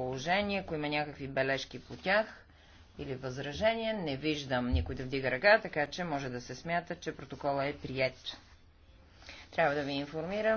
положение, ако има някакви бележки по тях или възражения, не виждам никой да вдига ръка, така че може да се смята, че протокола е прият. Трябва да ви информирам,